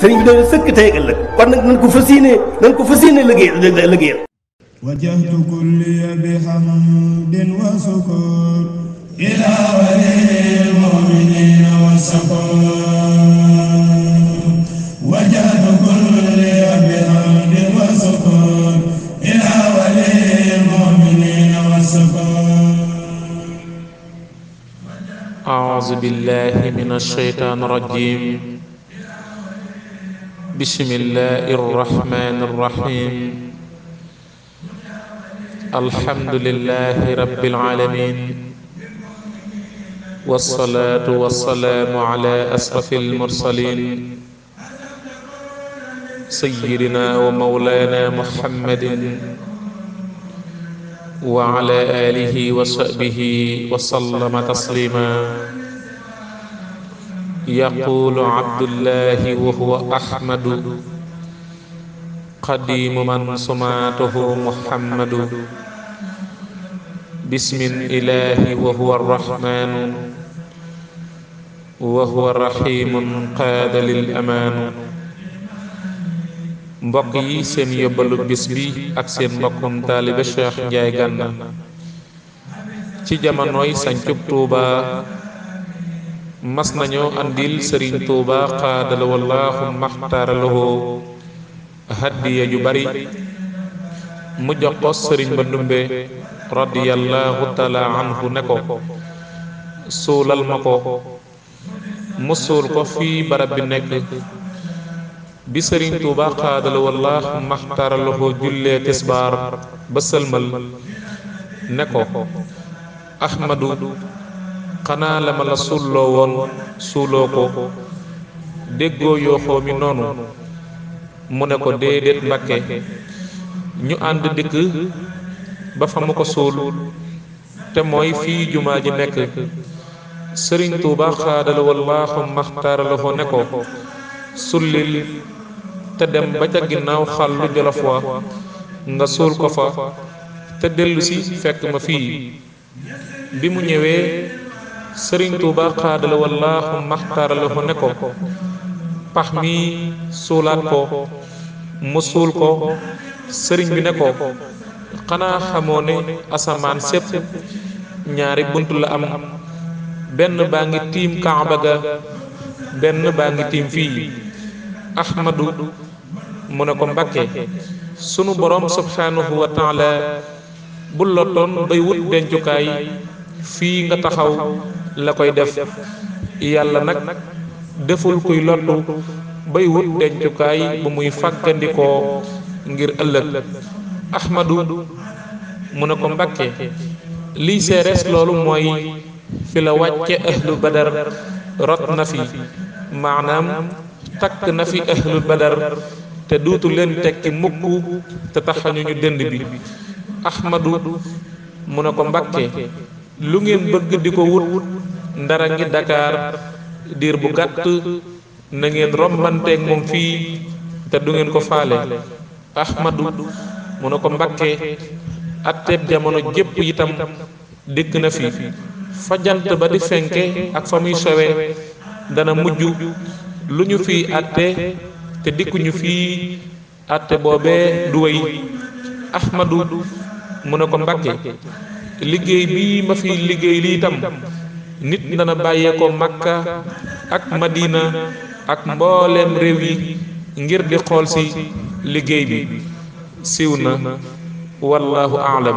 sëriñ bi dana sëkk tey ëllëg kon nag nañ ko fas yéene nañ ko fas yéene liggéeyal liggéeyal wajjahtu kulliya bi hamdin wa sukur ila waliyil mu'minin wa sukur wajjahtu kulliya bi hamdin wa sukur ila waliyil mu'minin wa sukur a'udhu billahi minash shaitanir rajim بسم الله الرحمن الرحيم الحمد لله رب العالمين والصلاة والسلام على أسرف المرسلين سيدنا ومولانا محمد وعلى آله وصحبه وسلم تسليما yaqulu abdullahi wa huwa ahmadu qadimu man sumaatuhu muhammadu bismin ilahi wa huwa arrahmanu wa huwa rahimun qaada lil amaanu mbokk yi seen yóbbalu bis bi ak seen mbokkum taaliba cheikh njaay gànna ci jamonoy sancub tuuba mas nañoo andil sëriñ tuuba xaadala wallaahu maxtaara lahu haddiya ju mu jox ko sëriñ ba ndumbe radiyallahu taala anhu ne ko suulal ma ko mu suul ko fii barab bi nekk bi sëriñ tuuba xaadala wallaahu maxtaara jullee tisbaar ba sëlmal ne ko ahmadu xanaa la ma la suulloo woon suuloo ko déggoo yooxoo mi noonu mu ne ko déedéet mbàkke ñu ànd dikk ba fa mu ko suul te mooy fii jumaa ji nekk sëriñ tuuba xaadala wallaahu maxtaara la fa ko sullil te dem ba ca ginnaaw xàllu jolof wa nga suul ko fa te dellu si fekk ma fii bi mu ñëwee sëriñ tuuba xaadala wallaahu maxtaaralahu ne ko pax mi suulaat ko mu suul ko sëriñ bi ne ko xanaa xamoo ne asamaan sépp ñaari bunt la am benn baa ngi tiim kaaba ga benn baa ngi tiim fii ahmadu mu ne ko mbakke sunu borom subhanahu wa taala bu lottoon bay wut dencukaay fii nga taxaw la koy def yàlla nag deful kuy lottu bay wut dencukaay bu muy fàkkandikoo ngir ëllëg ahmadu mu ne ko mbàkke liy seerees loolu mooy fi la wàcce ahlu badar rot na fi maanaam takk na fi ahlu badar te duutu leen tekki mukk te taxañu ñu dënd bi ahmadu mu ne ko mbàkke lu ngeen bëgg di ko wut ndara ngi Dakar diir bu gàtt na ngeen rombanteeg moom fii te du ngeen ko faale ahmadu mu ne ko mbakke atteeb jamono jépp itam dikk na fi fa jant ba di fenke ak fa muy sowe dana mujj lu ñu fii atte te dikkuñu fii atte boobee du wéy ahmadu mu ne ko mbakke liggéey bi ma fi liggéey lii tam nit dana bàyyee ko Makka ak Madina ak mbooleem réew yi ngir di xool si liggéey bi siiw na wallaahu aalam